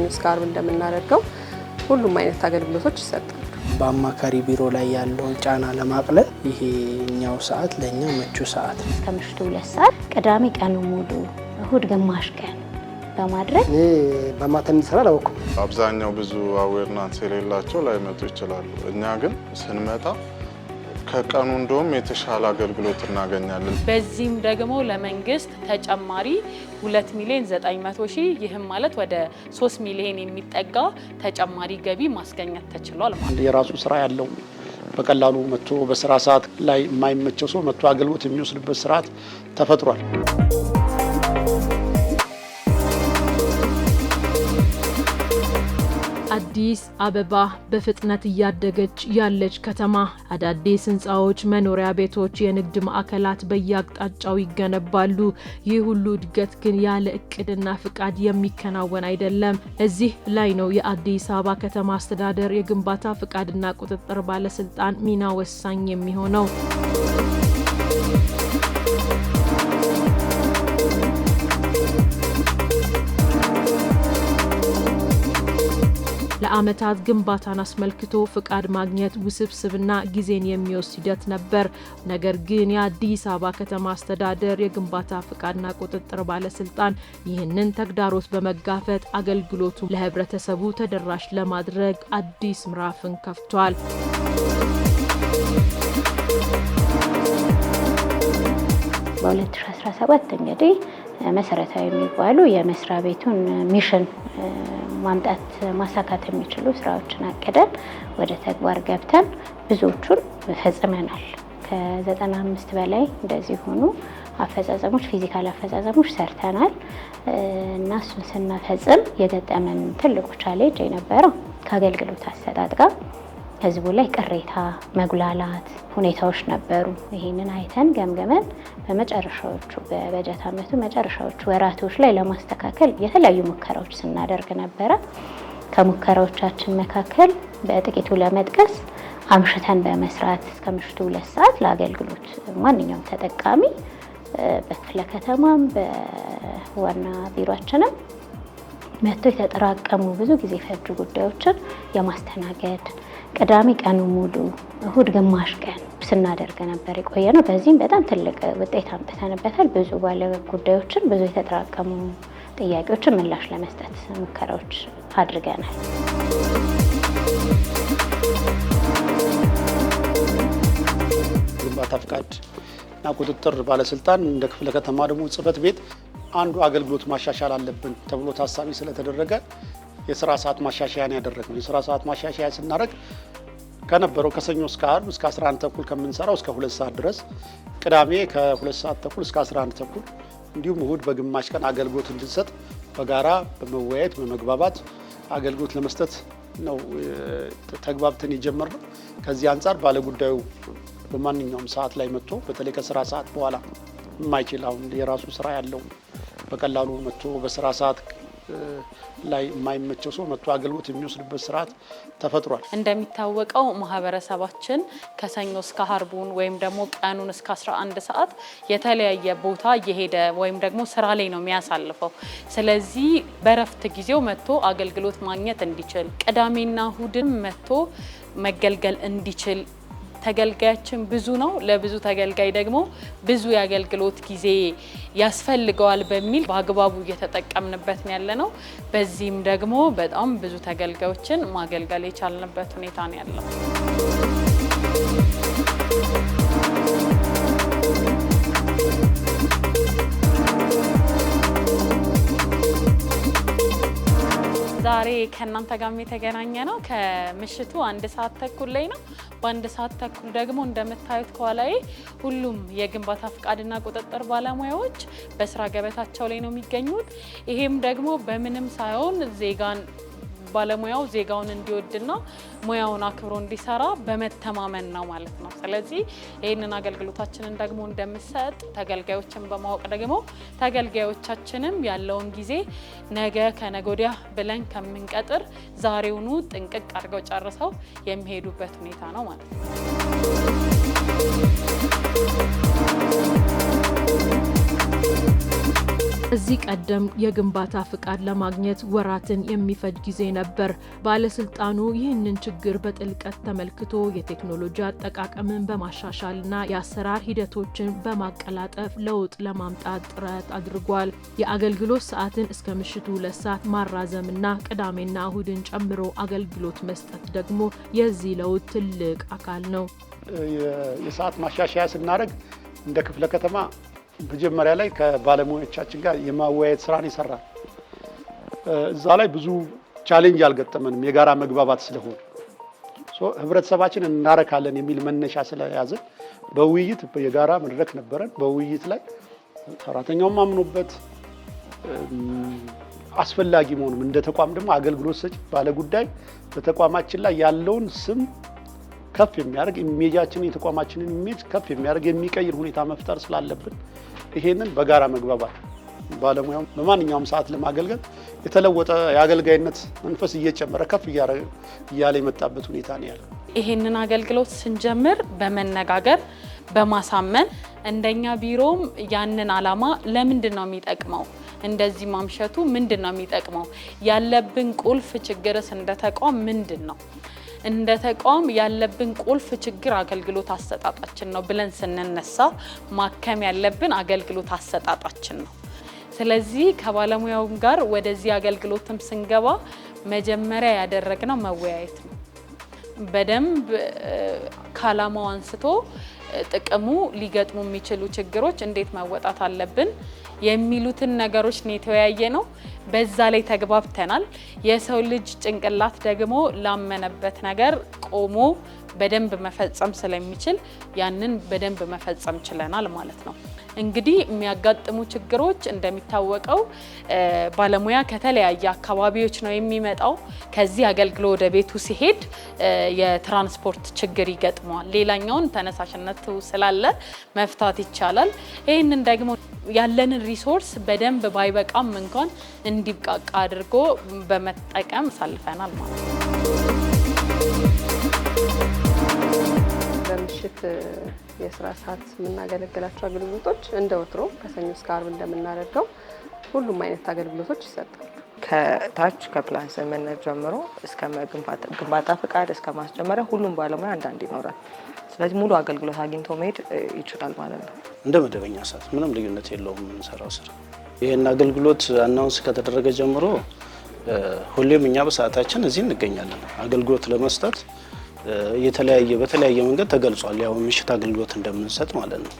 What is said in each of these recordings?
ከሰኞ ጋር እንደምናደርገው ሁሉም አይነት አገልግሎቶች ይሰጣሉ። በአማካሪ ቢሮ ላይ ያለውን ጫና ለማቅለል ይሄኛው ሰዓት ለእኛ ምቹ ሰዓት ነው። ከምሽቱ ሁለት ሰዓት ቅዳሜ ቀኑ ሙሉ፣ እሁድ ግማሽ ቀን በማድረግ እኔ በማታ የሚሰራ አላወኩም። አብዛኛው ብዙ አዌርናንስ የሌላቸው ላይመጡ ይችላሉ። እኛ ግን ስንመጣ ከቀኑ እንደውም የተሻለ አገልግሎት እናገኛለን። በዚህም ደግሞ ለመንግስት ተጨማሪ 2 ሚሊዮን 900 ሺህ ይህም ማለት ወደ 3 ሚሊዮን የሚጠጋ ተጨማሪ ገቢ ማስገኘት ተችሏል። አንድ የራሱ ስራ ያለው በቀላሉ መጥቶ በስራ ሰዓት ላይ የማይመቸው ሰው መጥቶ አገልግሎት የሚወስድበት ስርዓት ተፈጥሯል። አዲስ አበባ በፍጥነት እያደገች ያለች ከተማ፣ አዳዲስ ህንፃዎች፣ መኖሪያ ቤቶች፣ የንግድ ማዕከላት በየአቅጣጫው ይገነባሉ። ይህ ሁሉ እድገት ግን ያለ እቅድና ፍቃድ የሚከናወን አይደለም። እዚህ ላይ ነው የአዲስ አበባ ከተማ አስተዳደር የግንባታ ፍቃድና ቁጥጥር ባለስልጣን ሚና ወሳኝ የሚሆነው። ለአመታት ግንባታን አስመልክቶ ፍቃድ ማግኘት ውስብስብና ጊዜን የሚወስድ ሂደት ነበር። ነገር ግን የአዲስ አበባ ከተማ አስተዳደር የግንባታ ፍቃድና ቁጥጥር ባለስልጣን ይህንን ተግዳሮት በመጋፈጥ አገልግሎቱ ለህብረተሰቡ ተደራሽ ለማድረግ አዲስ ምዕራፍን ከፍቷል። በ2017 እንግዲህ መሰረታዊ የሚባሉ የመስሪያ ቤቱን ሚሽን ማምጣት ማሳካት የሚችሉ ስራዎችን አቅደን ወደ ተግባር ገብተን ብዙዎቹን ፈጽመናል። ከዘጠና አምስት በላይ እንደዚህ ሆኑ አፈጻጸሞች ፊዚካል አፈጻጸሞች ሰርተናል እና እሱን ስናፈጽም የገጠመን ትልቁ ቻሌንጅ የነበረው ከአገልግሎት አሰጣጥ ጋር ህዝቡ ላይ ቅሬታ፣ መጉላላት ሁኔታዎች ነበሩ። ይህንን አይተን ገምገመን በመጨረሻዎቹ በበጀት አመቱ መጨረሻዎቹ ወራቶች ላይ ለማስተካከል የተለያዩ ሙከራዎች ስናደርግ ነበረ። ከሙከራዎቻችን መካከል በጥቂቱ ለመጥቀስ አምሽተን በመስራት እስከ ምሽቱ ሁለት ሰዓት ለአገልግሎት ማንኛውም ተጠቃሚ በክፍለ ከተማም በዋና ቢሮችንም መጥቶ የተጠራቀሙ ብዙ ጊዜ ፈጁ ጉዳዮችን የማስተናገድ ቅዳሜ ቀኑ ሙሉ እሁድ ግማሽ ቀን ስናደርግ ነበር የቆየ ነው። በዚህም በጣም ትልቅ ውጤት አምጥተንበታል። ብዙ ባለ ጉዳዮችን ብዙ የተጠራቀሙ ጥያቄዎችን ምላሽ ለመስጠት ሙከራዎች አድርገናል። ግንባታ ፍቃድ እና ቁጥጥር ባለስልጣን እንደ ክፍለ ከተማ ደግሞ ጽህፈት ቤት አንዱ አገልግሎት ማሻሻል አለብን ተብሎ ታሳቢ ስለተደረገ የስራ ሰዓት ማሻሻያን ያደረግነው። የስራ ሰዓት ማሻሻያ ስናደረግ ከነበረው ከሰኞ እስከ አርብ እስከ 11 ተኩል ከምንሰራው እስከ ሁለት ሰዓት ድረስ፣ ቅዳሜ ከሁለት ሰዓት ተኩል እስከ 11 ተኩል እንዲሁም እሁድ በግማሽ ቀን አገልግሎት እንድንሰጥ በጋራ በመወያየት በመግባባት አገልግሎት ለመስጠት ነው ተግባብተን የጀመርነው። ከዚህ አንጻር ባለጉዳዩ በማንኛውም ሰዓት ላይ መጥቶ በተለይ ከስራ ሰዓት በኋላ የማይችል አሁን የራሱ ስራ ያለው በቀላሉ መጥቶ በስራ ሰዓት ላይ የማይመቸው ሰው መጥቶ አገልግሎት የሚወስድበት ስርዓት ተፈጥሯል። እንደሚታወቀው ማህበረሰባችን ከሰኞ እስከ ሀርቡን ወይም ደግሞ ቀኑን እስከ 11 ሰዓት የተለያየ ቦታ እየሄደ ወይም ደግሞ ስራ ላይ ነው የሚያሳልፈው። ስለዚህ በረፍት ጊዜው መጥቶ አገልግሎት ማግኘት እንዲችል ቅዳሜና እሁድን መጥቶ መገልገል እንዲችል ተገልጋያችን ብዙ ነው። ለብዙ ተገልጋይ ደግሞ ብዙ የአገልግሎት ጊዜ ያስፈልገዋል በሚል በአግባቡ እየተጠቀምንበት ያለ ነው። በዚህም ደግሞ በጣም ብዙ ተገልጋዮችን ማገልገል የቻልንበት ሁኔታ ነው ያለው። ዛሬ ከእናንተ ጋርም የተገናኘ ነው ከምሽቱ አንድ ሰዓት ተኩል ላይ ነው። በአንድ ሰዓት ተኩል ደግሞ እንደምታዩት ከኋላዬ ሁሉም የግንባታ ፍቃድና ቁጥጥር ባለሙያዎች በስራ ገበታቸው ላይ ነው የሚገኙት። ይሄም ደግሞ በምንም ሳይሆን ዜጋን ባለሙያው ዜጋውን እንዲወድና ሙያውን አክብሮ እንዲሰራ በመተማመን ነው ማለት ነው። ስለዚህ ይህንን አገልግሎታችንን ደግሞ እንደምሰጥ ተገልጋዮችን በማወቅ ደግሞ ተገልጋዮቻችንም ያለውን ጊዜ ነገ ከነጎዲያ ብለን ከምንቀጥር ዛሬውኑ ጥንቅቅ አድርገው ጨርሰው የሚሄዱበት ሁኔታ ነው ማለት ነው። Thank you. እዚህ ቀደም የግንባታ ፍቃድ ለማግኘት ወራትን የሚፈጅ ጊዜ ነበር። ባለስልጣኑ ይህንን ችግር በጥልቀት ተመልክቶ የቴክኖሎጂ አጠቃቀምን በማሻሻልና የአሰራር ሂደቶችን በማቀላጠፍ ለውጥ ለማምጣት ጥረት አድርጓል። የአገልግሎት ሰዓትን እስከ ምሽቱ ሁለት ሰዓት ማራዘምና ቅዳሜና እሁድን ጨምሮ አገልግሎት መስጠት ደግሞ የዚህ ለውጥ ትልቅ አካል ነው። የሰዓት ማሻሻያ ስናደርግ እንደ ክፍለ ከተማ መጀመሪያ ላይ ከባለሙያዎቻችን ጋር የማወያየት ስራን ይሰራል። እዛ ላይ ብዙ ቻሌንጅ አልገጠመንም፣ የጋራ መግባባት ስለሆነ ህብረተሰባችን እናረካለን የሚል መነሻ ስለያዘ በውይይት የጋራ መድረክ ነበረን። በውይይት ላይ ሰራተኛውም አምኖበት አስፈላጊ መሆኑም እንደ ተቋም ደግሞ አገልግሎት ሰጪ ባለጉዳይ በተቋማችን ላይ ያለውን ስም ከፍ የሚያደርግ ኢሜጃችንን የተቋማችንን ኢሜጅ ከፍ የሚያደርግ የሚቀይር ሁኔታ መፍጠር ስላለብን ይሄንን በጋራ መግባባት ባለሙያው በማንኛውም ሰዓት ለማገልገል የተለወጠ የአገልጋይነት መንፈስ እየጨመረ ከፍ እያለ የመጣበት ሁኔታ ነው ያለ። ይሄንን አገልግሎት ስንጀምር በመነጋገር በማሳመን እንደኛ ቢሮም ያንን አላማ ለምንድን ነው የሚጠቅመው እንደዚህ ማምሸቱ ምንድን ነው የሚጠቅመው? ያለብን ቁልፍ ችግርስ እንደ ተቋም ምንድን ነው? እንደ ተቋም ያለብን ቁልፍ ችግር አገልግሎት አሰጣጣችን ነው ብለን ስንነሳ ማከም ያለብን አገልግሎት አሰጣጣችን ነው። ስለዚህ ከባለሙያውም ጋር ወደዚህ አገልግሎትም ስንገባ መጀመሪያ ያደረግነው መወያየት ነው። በደንብ ከአላማው አንስቶ ጥቅሙ ሊገጥሙ የሚችሉ ችግሮች እንዴት መወጣት አለብን የሚሉትን ነገሮች ነው የተወያየ ነው። በዛ ላይ ተግባብተናል። የሰው ልጅ ጭንቅላት ደግሞ ላመነበት ነገር ቆሞ በደንብ መፈጸም ስለሚችል ያንን በደንብ መፈጸም ችለናል ማለት ነው። እንግዲህ የሚያጋጥሙ ችግሮች እንደሚታወቀው ባለሙያ ከተለያየ አካባቢዎች ነው የሚመጣው። ከዚህ አገልግሎ ወደ ቤቱ ሲሄድ የትራንስፖርት ችግር ይገጥመዋል። ሌላኛውን ተነሳሽነቱ ስላለ መፍታት ይቻላል። ይህንን ደግሞ ያለንን ሪሶርስ በደንብ ባይበቃም እንኳን እንዲብቃቃ አድርጎ በመጠቀም አሳልፈናል ማለት ነው። በምሽት የስራ ሰዓት የምናገለግላቸው አገልግሎቶች እንደ ወትሮ ከሰኞ እስከ አርብ እንደምናደርገው ሁሉም አይነት አገልግሎቶች ይሰጣሉ። ከታች ከፕላን ስምምነት ጀምሮ እስከ ግንባታ ፍቃድ እስከ ማስጀመሪያ ሁሉም ባለሙያ አንዳንድ ይኖራል። ስለዚህ ሙሉ አገልግሎት አግኝቶ መሄድ ይችላል ማለት ነው። እንደ መደበኛ ሰዓት ምንም ልዩነት የለውም የምንሰራው ስራ። ይህን አገልግሎት አናውንስ ከተደረገ ጀምሮ ሁሌም እኛ በሰዓታችን እዚህ እንገኛለን አገልግሎት ለመስጠት የተለያየ በተለያየ መንገድ ተገልጿል። ያው ምሽት አገልግሎት እንደምንሰጥ ማለት ነው።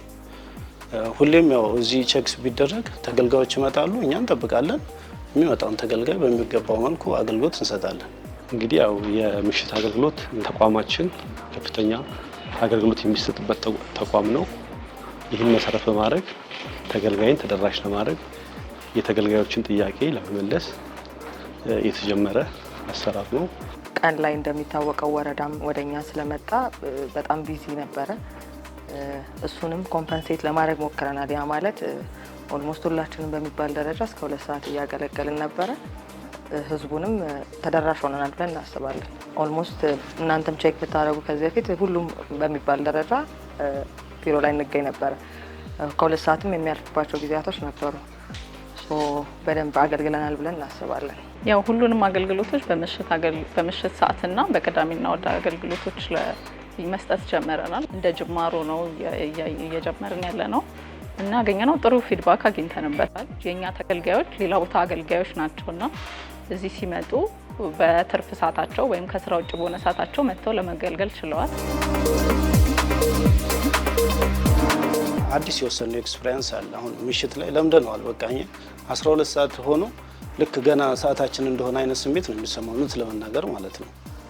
ሁሌም ያው እዚህ ቼክስ ቢደረግ ተገልጋዮች ይመጣሉ፣ እኛ እንጠብቃለን። የሚመጣውን ተገልጋይ በሚገባው መልኩ አገልግሎት እንሰጣለን። እንግዲህ ያው የምሽት አገልግሎት ተቋማችን ከፍተኛ አገልግሎት የሚሰጥበት ተቋም ነው። ይህን መሰረት በማድረግ ተገልጋይን ተደራሽ ለማድረግ የተገልጋዮችን ጥያቄ ለመመለስ የተጀመረ አሰራር ነው። ቀን ላይ እንደሚታወቀው ወረዳም ወደኛ ስለመጣ በጣም ቢዚ ነበረ። እሱንም ኮምፐንሴት ለማድረግ ሞክረናል። ያ ማለት ኦልሞስት ሁላችንም በሚባል ደረጃ እስከ ሁለት ሰዓት እያገለገልን ነበረ። ህዝቡንም ተደራሽ ሆነናል ብለን እናስባለን። ኦልሞስት uh, እናንተም ቼክ ብታደረጉ ከዚህ በፊት ሁሉም በሚባል ደረጃ uh, ቢሮ ላይ እንገኝ ነበረ። uh, ከሁለት ሰዓትም የሚያልፍባቸው ጊዜያቶች ነበሩ። በደንብ አገልግለናል ብለን እናስባለን። ያው ሁሉንም አገልግሎቶች በምሽት ሰዓትና በቅዳሜና ወደ አገልግሎቶች መስጠት ጀመረናል። እንደ ጅማሮ ነው እየጀመርን ያለ ነው እና ያገኘነው ጥሩ ፊድባክ አግኝተንበታል። የእኛ ተገልጋዮች ሌላ ቦታ አገልጋዮች ናቸውና እዚህ ሲመጡ በትርፍ ሰዓታቸው ወይም ከስራ ውጭ በሆነ ሰዓታቸው መጥተው ለመገልገል ችለዋል። አዲስ የወሰኑ ኤክስፒሪንስ አለ። አሁን ምሽት ላይ ለምደነዋል። በቃ 12 ሰዓት ሆኖ ልክ ገና ሰዓታችን እንደሆነ አይነት ስሜት ነው የሚሰማው፣ እውነት ለመናገር ማለት ነው።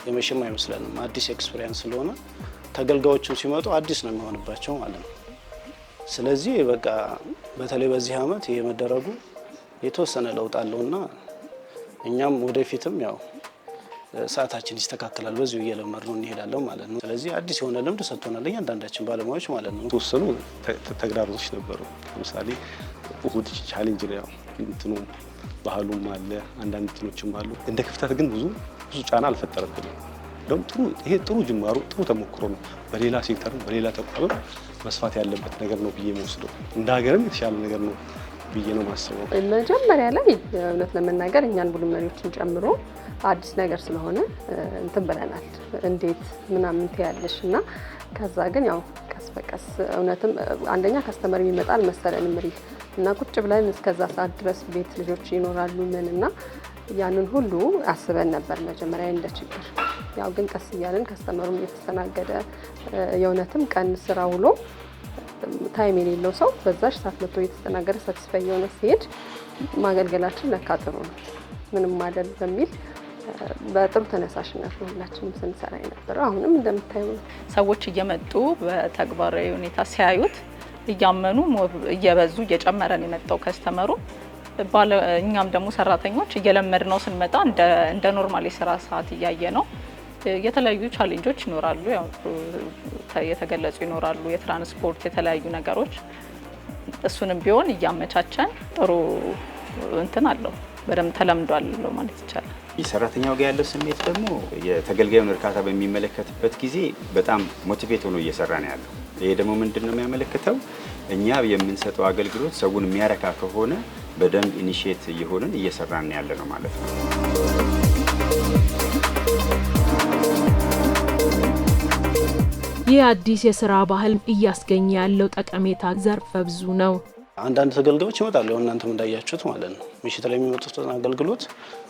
የመሸም አይመስለንም። አዲስ ኤክስፒሪንስ ስለሆነ ተገልጋዮቹም ሲመጡ አዲስ ነው የሚሆንባቸው ማለት ነው። ስለዚህ በቃ በተለይ በዚህ ዓመት ይሄ መደረጉ የተወሰነ ለውጥ አለውና እኛም ወደፊትም ያው ሰዓታችን ይስተካከላል። በዚሁ እየለመድ ነው እንሄዳለን ማለት ነው። ስለዚህ አዲስ የሆነ ልምድ ሰጥቶናል እያንዳንዳችን ባለሙያዎች ማለት ነው። ተወሰኑ ተግዳሮቶች ነበሩ። ለምሳሌ እሁድ ቻሌንጅ ነው እንትኑ ባህሉም አለ አንዳንድ እንትኖችም አሉ። እንደ ክፍተት ግን ብዙ ብዙ ጫና አልፈጠረብንም። እንደውም ጥሩ ይሄ ጥሩ ጅማሩ ጥሩ ተሞክሮ ነው። በሌላ ሴክተርም በሌላ ተቋምም መስፋት ያለበት ነገር ነው ብዬ የምወስደው እንደ ሀገርም የተሻለ ነገር ነው ብዬ ነው ማስበው። መጀመሪያ ላይ እውነት ለመናገር እኛን ቡድን መሪዎችን ጨምሮ አዲስ ነገር ስለሆነ እንትን ብለናል። እንዴት ምናምን ትያለሽ እና ከዛ ግን ያው ቀስ በቀስ እውነትም አንደኛ ከስተመር ይመጣል መሰለን ሪል እና ቁጭ ብለን እስከዛ ሰዓት ድረስ ቤት ልጆች ይኖራሉ ምን እና ያንን ሁሉ አስበን ነበር መጀመሪያ እንደ ችግር። ያው ግን ቀስ እያለን ከስተመሩም እየተስተናገደ የእውነትም ቀን ስራ ውሎ ታይም የሌለው ሰው በዛች ሰዓት መቶ እየተስተናገደ ሳትስፋይ የሆነ ሲሄድ ማገልገላችን ለካ ጥሩ ነው ምንም ማደል በሚል በጥሩ ተነሳሽነት ነው ሁላችንም ስንሰራ የነበረው። አሁንም እንደምታዩ ሰዎች እየመጡ በተግባራዊ ሁኔታ ሲያዩት እያመኑ እየበዙ እየጨመረ የመጣው ከስተመሩ። እኛም ደግሞ ሰራተኞች እየለመድ ነው ስንመጣ እንደ ኖርማል የስራ ሰዓት እያየ ነው የተለያዩ ቻሌንጆች ይኖራሉ፣ የተገለጹ ይኖራሉ። የትራንስፖርት የተለያዩ ነገሮች እሱንም ቢሆን እያመቻቸን ጥሩ እንትን አለው በደንብ ተለምዷል ማለት ይቻላል። ሰራተኛው ጋር ያለው ስሜት ደግሞ የተገልጋዩን እርካታ በሚመለከትበት ጊዜ በጣም ሞቲቬት ሆኖ እየሰራ ነው ያለው። ይሄ ደግሞ ምንድን ነው የሚያመለክተው? እኛ የምንሰጠው አገልግሎት ሰውን የሚያረካ ከሆነ በደንብ ኢኒሽት እየሆንን እየሰራን ያለ ነው ማለት ነው። ይህ አዲስ የስራ ባህል እያስገኘ ያለው ጠቀሜታ ዘርፈ ብዙ ነው። አንዳንድ ተገልጋዮች ይመጣሉ። እናንተም እንዳያችሁት ማለት ነው። ምሽት ላይ የሚመጡት አገልግሎት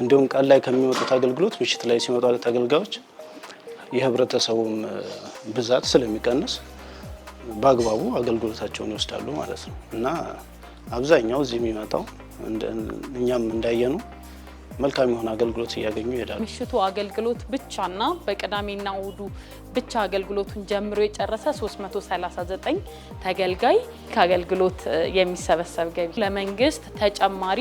እንዲሁም ቀን ላይ ከሚመጡት አገልግሎት ምሽት ላይ ሲመጡ ተገልጋዮች የህብረተሰቡም ብዛት ስለሚቀንስ በአግባቡ አገልግሎታቸውን ይወስዳሉ ማለት ነው እና አብዛኛው እዚህ የሚመጣው እኛም እንዳየነው መልካም የሆነ አገልግሎት እያገኙ ይሄዳሉ። ምሽቱ አገልግሎት ብቻና በቅዳሜና እሁዱ ብቻ አገልግሎቱን ጀምሮ የጨረሰ 339 ተገልጋይ ከአገልግሎት የሚሰበሰብ ገቢ ለመንግስት ተጨማሪ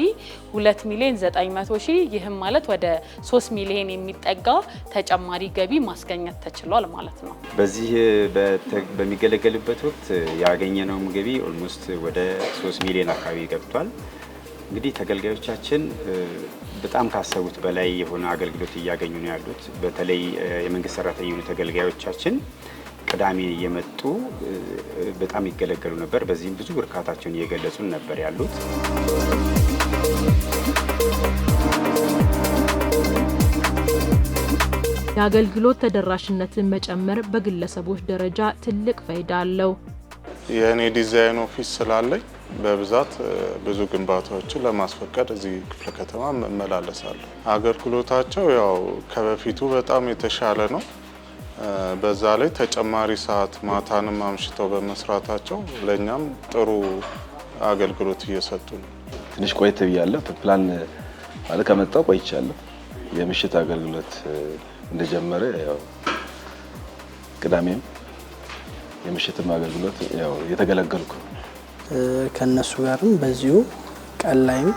2 ሚሊዮን 900 ሺህ ይህም ማለት ወደ 3 ሚሊዮን የሚጠጋ ተጨማሪ ገቢ ማስገኘት ተችሏል ማለት ነው። በዚህ በሚገለገልበት ወቅት ያገኘነውም ገቢ ኦልሞስት ወደ 3 ሚሊዮን አካባቢ ገብቷል። እንግዲህ ተገልጋዮቻችን በጣም ካሰቡት በላይ የሆነ አገልግሎት እያገኙ ነው ያሉት። በተለይ የመንግስት ሰራተኛ የሆኑ ተገልጋዮቻችን ቅዳሜ እየመጡ በጣም ይገለገሉ ነበር። በዚህም ብዙ እርካታቸውን እየገለጹን ነበር ያሉት። የአገልግሎት ተደራሽነትን መጨመር በግለሰቦች ደረጃ ትልቅ ፋይዳ አለው። የእኔ ዲዛይን ኦፊስ ስላለኝ በብዛት ብዙ ግንባታዎችን ለማስፈቀድ እዚህ ክፍለ ከተማ እመላለሳለሁ። አገልግሎታቸው ያው ከበፊቱ በጣም የተሻለ ነው። በዛ ላይ ተጨማሪ ሰዓት ማታንም አምሽተው በመስራታቸው ለእኛም ጥሩ አገልግሎት እየሰጡ ነው። ትንሽ ቆይት ብያለሁ። ፕላን ማለት ከመጣው ቆይቻለሁ። የምሽት አገልግሎት እንደጀመረ ያው ቅዳሜም የምሽትም አገልግሎት ያው እየተገለገልኩ ከነሱ ጋርም በዚሁ ቀን ላይም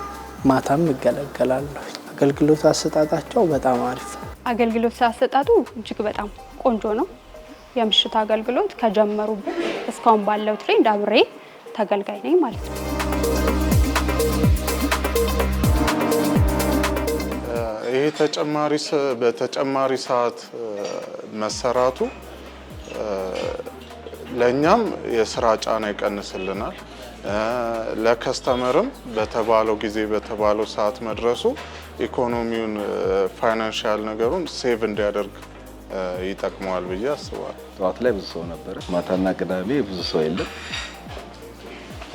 ማታም እገለገላለሁ። አገልግሎት አሰጣጣቸው በጣም አሪፍ ነው። አገልግሎት ሲያሰጣጡ እጅግ በጣም ቆንጆ ነው። የምሽት አገልግሎት ከጀመሩ እስካሁን ባለው ትሬንድ አብሬ ተገልጋይ ነኝ ማለት ነው። ይሄ ተጨማሪ በተጨማሪ ሰዓት መሰራቱ ለእኛም የስራ ጫና ይቀንስልናል። ለከስተመርም በተባለው ጊዜ በተባለው ሰዓት መድረሱ ኢኮኖሚውን ፋይናንሻል ነገሩን ሴቭ እንዲያደርግ ይጠቅመዋል ብዬ አስባለሁ። ጠዋት ላይ ብዙ ሰው ነበረ፣ ማታና ቅዳሜ ብዙ ሰው የለም።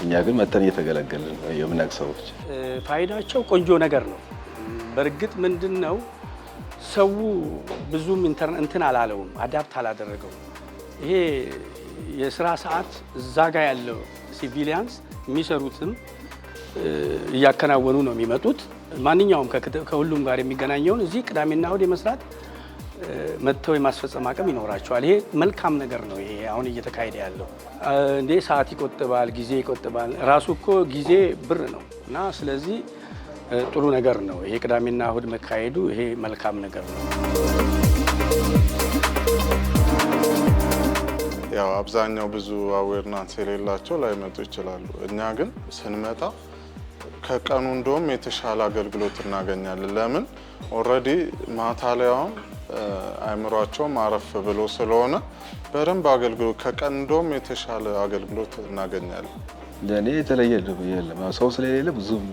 እኛ ግን መተን እየተገለገልን ነው። የምናቅ ሰዎች ፋይዳቸው ቆንጆ ነገር ነው። በእርግጥ ምንድን ነው ሰው ብዙም እንትን አላለውም፣ አዳፕት አላደረገውም። ይሄ የስራ ሰዓት እዛ ጋ ያለው ሲቪሊያንስ የሚሰሩትም እያከናወኑ ነው የሚመጡት። ማንኛውም ከሁሉም ጋር የሚገናኘውን እዚህ ቅዳሜና እሁድ የመስራት መጥተው የማስፈጸም አቅም ይኖራቸዋል። ይሄ መልካም ነገር ነው። ይሄ አሁን እየተካሄደ ያለው እንዴ ሰዓት ይቆጥባል፣ ጊዜ ይቆጥባል። ራሱ እኮ ጊዜ ብር ነው እና ስለዚህ ጥሩ ነገር ነው። ይሄ ቅዳሜና እሁድ መካሄዱ ይሄ መልካም ነገር ነው። ያው አብዛኛው ብዙ አዌርናንስ የሌላቸው ላይመጡ ይችላሉ። እኛ ግን ስንመጣ ከቀኑ እንደውም የተሻለ አገልግሎት እናገኛለን። ለምን ኦልሬዲ ማታ ላይ አረፍ ብሎ ስለሆነ በደንብ አገልግሎት ከቀን እንደውም የተሻለ አገልግሎት እናገኛለን። ለእኔ የተለየ የለም። ሰው ስለሌለ ብዙም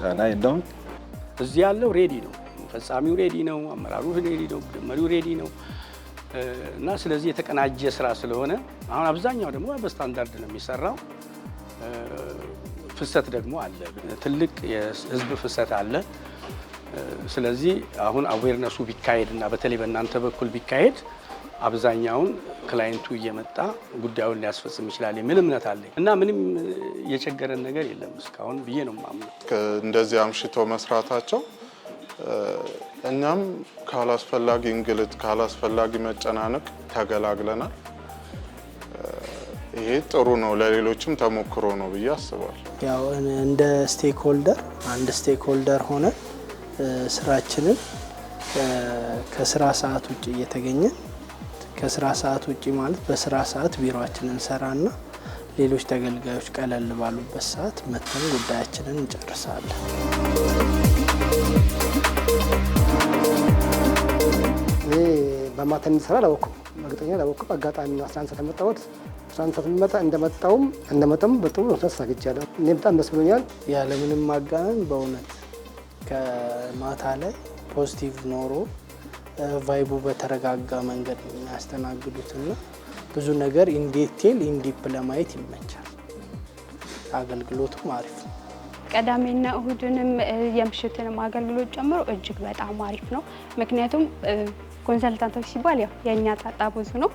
ጫና የለውም። እዚህ ያለው ሬዲ ነው፣ ፈጻሚው ሬዲ ነው፣ አመራሩ ሬዲ ነው፣ መሪው ሬዲ ነው። እና ስለዚህ የተቀናጀ ስራ ስለሆነ አሁን አብዛኛው ደግሞ በስታንዳርድ ነው የሚሰራው። ፍሰት ደግሞ አለ፣ ትልቅ የህዝብ ፍሰት አለ። ስለዚህ አሁን አዌርነሱ ቢካሄድ እና በተለይ በእናንተ በኩል ቢካሄድ አብዛኛውን ክላይንቱ እየመጣ ጉዳዩን ሊያስፈጽም ይችላል የሚል እምነት አለኝ እና ምንም የቸገረን ነገር የለም እስካሁን ብዬ ነው የማምነው። እንደዚህ አምሽቶ መስራታቸው እኛም ካላስፈላጊ እንግልት፣ ካላስፈላጊ መጨናነቅ ተገላግለናል። ይሄ ጥሩ ነው፣ ለሌሎችም ተሞክሮ ነው ብዬ አስባለሁ። ያው እንደ ስቴክሆልደር አንድ ስቴክሆልደር ሆነ ሆነን ስራችንን ከስራ ሰዓት ውጭ እየተገኘን ከስራ ሰዓት ውጭ ማለት በስራ ሰዓት ቢሮችን እንሰራና ሌሎች ተገልጋዮች ቀለል ባሉበት ሰዓት መተን ጉዳያችንን እንጨርሳለን። ማታ እንድሰራ አላወቅኩም፣ እርግጠኛ አላወቅኩም። አጋጣሚ ነው አስራ አንድ ሰዓት የመጣሁት። አስራ አንድ ሰዓት መጣ እንደመጣሁም እንደመጣሁም በጥሩ ተሳግጃለሁ። እኔ በጣም ደስ ብሎኛል። ያለምንም ማጋነን በእውነት ከማታ ላይ ፖዚቲቭ ኖሮ ቫይቡ በተረጋጋ መንገድ የሚያስተናግዱትና ብዙ ነገር ኢንዴቴል ኢንዲፕ ለማየት ይመቻል። አገልግሎቱም አሪፍ ነው። ቀዳሜና እሁድንም የምሽትንም አገልግሎት ጨምሮ እጅግ በጣም አሪፍ ነው። ምክንያቱም ኮንሰልታንቶች ሲባል ያው የእኛ ጣጣ ብዙ ነው።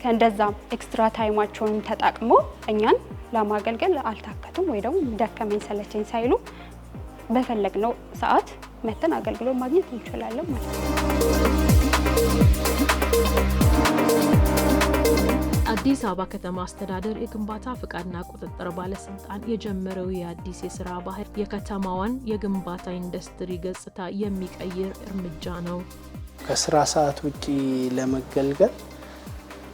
ከእንደዛም ኤክስትራ ታይማቸውን ተጠቅሞ እኛን ለማገልገል አልታከቱም ወይ ደግሞ ደከመኝ ሰለቸኝ ሳይሉ በፈለግነው ሰዓት መተን አገልግሎ ማግኘት እንችላለን ማለት ነው። አዲስ አበባ ከተማ አስተዳደር የግንባታ ፍቃድና ቁጥጥር ባለስልጣን የጀመረው የአዲስ የስራ ባህል የከተማዋን የግንባታ ኢንዱስትሪ ገጽታ የሚቀይር እርምጃ ነው። ከስራ ሰዓት ውጪ ለመገልገል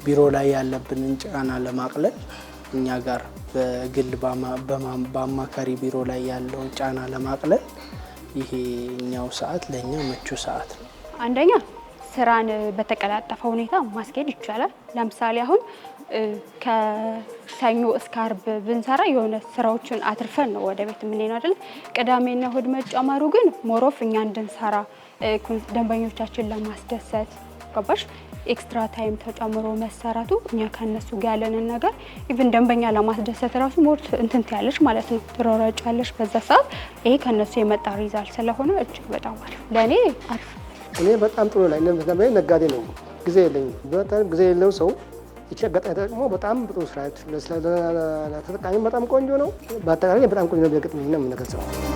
ቢሮ ላይ ያለብንን ጫና ለማቅለል እኛ ጋር በግል በአማካሪ ቢሮ ላይ ያለውን ጫና ለማቅለል ይሄኛው ሰዓት ለእኛ ምቹ ሰዓት ነው። አንደኛ ስራን በተቀላጠፈ ሁኔታ ማስኬድ ይቻላል። ለምሳሌ አሁን ከሰኞ እስከ አርብ ብንሰራ የሆነ ስራዎችን አትርፈን ነው ወደ ቤት የምንሄድ አይደል? ቅዳሜና እሁድ መጨመሩ ግን ሞሮፍ እኛ እንድንሰራ ደንበኞቻችን ለማስደሰት ገባሽ ኤክስትራ ታይም ተጨምሮ መሰራቱ እኛ ከነሱ ጋር ያለንን ነገር ኢቭን ደንበኛ ለማስደሰት ራሱ ሞርት እንትን ያለች ማለት ነው ትሮረጭ ያለች በዛ ሰዓት ይሄ ከነሱ የመጣ ሪዛልት ስለሆነ እጅግ በጣም አሪፍ ለእኔ አሪፍ። እኔ በጣም ጥሩ ላይ ለምሳሌ ነጋዴ ነው፣ ጊዜ የለኝም። በጣም ጊዜ የለው ሰው ይቸገጣ ደግሞ በጣም ጥሩ ስራ ተጠቃሚ በጣም ቆንጆ ነው። በአጠቃላይ በጣም ቆንጆ ነው። ነው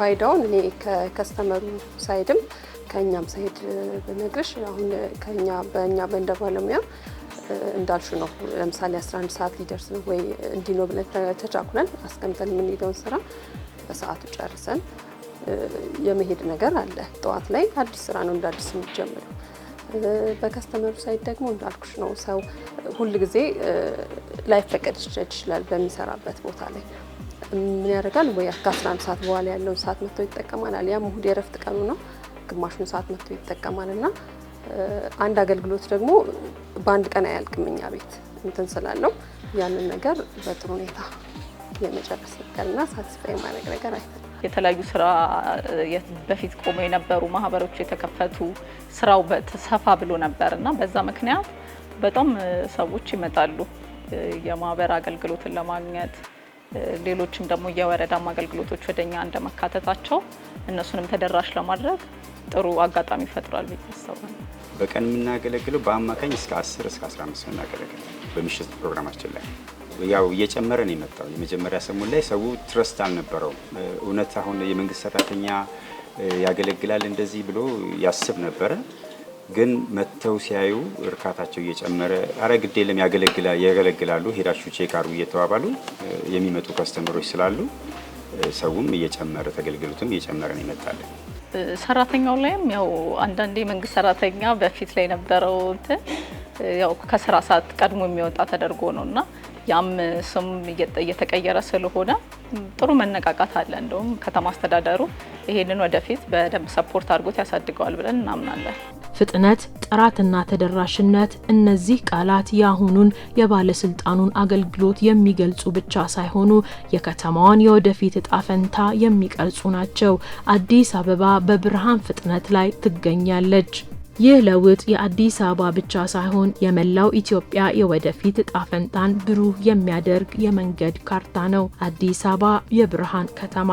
ፋይዳውን እኔ ከከስተመሩ ሳይድም ከእኛም ሳይድ በነግርሽ አሁን ከኛ በእኛ በእንደ ባለሙያ እንዳልሹ ነው። ለምሳሌ 11 ሰዓት ሊደርስ ነው ወይ እንዲህ ነው ብለን ተቻኩለን አስቀምጠን የምንሄደውን ስራ በሰዓቱ ጨርሰን የመሄድ ነገር አለ። ጠዋት ላይ አዲስ ስራ ነው እንደ አዲስ የሚጀምረው። በከስተመሩ ሳይድ ደግሞ እንዳልኩሽ ነው። ሰው ሁል ጊዜ ላይፈቀድ ይችላል በሚሰራበት ቦታ ላይ ምን ያደርጋል ወይ ከ11 ሰዓት በኋላ ያለውን ሰዓት መጥቶ ይጠቀማል። አሊያም እሁድ የረፍት ቀኑ ነው ግማሹን ሰዓት መጥቶ ይጠቀማል እና አንድ አገልግሎት ደግሞ በአንድ ቀን አያልቅም። እኛ ቤት እንትን ስላለው ያንን ነገር በጥሩ ሁኔታ የመጨረስ ነገር እና ሳትስፋይ ማድረግ ነገር አይፈል የተለያዩ ስራ በፊት ቆመው የነበሩ ማህበሮች የተከፈቱ ስራው ሰፋ ብሎ ነበር እና በዛ ምክንያት በጣም ሰዎች ይመጣሉ የማህበር አገልግሎትን ለማግኘት ሌሎችም ደግሞ የወረዳም አገልግሎቶች ወደ እኛ እንደመካተታቸው እነሱንም ተደራሽ ለማድረግ ጥሩ አጋጣሚ ይፈጥራል ብዬ አስባለሁ። በቀን የምናገለግለው በአማካኝ እስከ 10 እስከ 15 የምናገለግለው በምሽት ፕሮግራማችን ላይ ያው እየጨመረ ነው የመጣው። የመጀመሪያ ሰሞን ላይ ሰው ትረስት አልነበረውም። እውነት አሁን የመንግስት ሰራተኛ ያገለግላል እንደዚህ ብሎ ያስብ ነበረ። ግን መጥተው ሲያዩ እርካታቸው እየጨመረ አረ ግዴለም ያገለግላሉ ሄዳችሁ ቼክ እየተባባሉ የሚመጡ ከስተምሮች ስላሉ ሰውም እየጨመረ ተገልግሎትም እየጨመረ ነው ይመጣለን። ሰራተኛው ላይም ያው አንዳንዴ መንግስት ሰራተኛ በፊት ላይ ነበረው እንትን ያው ከስራ ሰዓት ቀድሞ የሚወጣ ተደርጎ ነው እና ያም ስም እየተቀየረ ስለሆነ ጥሩ መነቃቃት አለ። እንደውም ከተማ አስተዳደሩ ይሄንን ወደፊት በደንብ ሰፖርት አድርጎት ያሳድገዋል ብለን እናምናለን። ፍጥነት፣ ጥራትና ተደራሽነት እነዚህ ቃላት የአሁኑን የባለስልጣኑን አገልግሎት የሚገልጹ ብቻ ሳይሆኑ የከተማዋን የወደፊት እጣ ፈንታ የሚቀርጹ ናቸው። አዲስ አበባ በብርሃን ፍጥነት ላይ ትገኛለች። ይህ ለውጥ የአዲስ አበባ ብቻ ሳይሆን የመላው ኢትዮጵያ የወደፊት እጣ ፈንታን ብሩህ የሚያደርግ የመንገድ ካርታ ነው። አዲስ አበባ የብርሃን ከተማ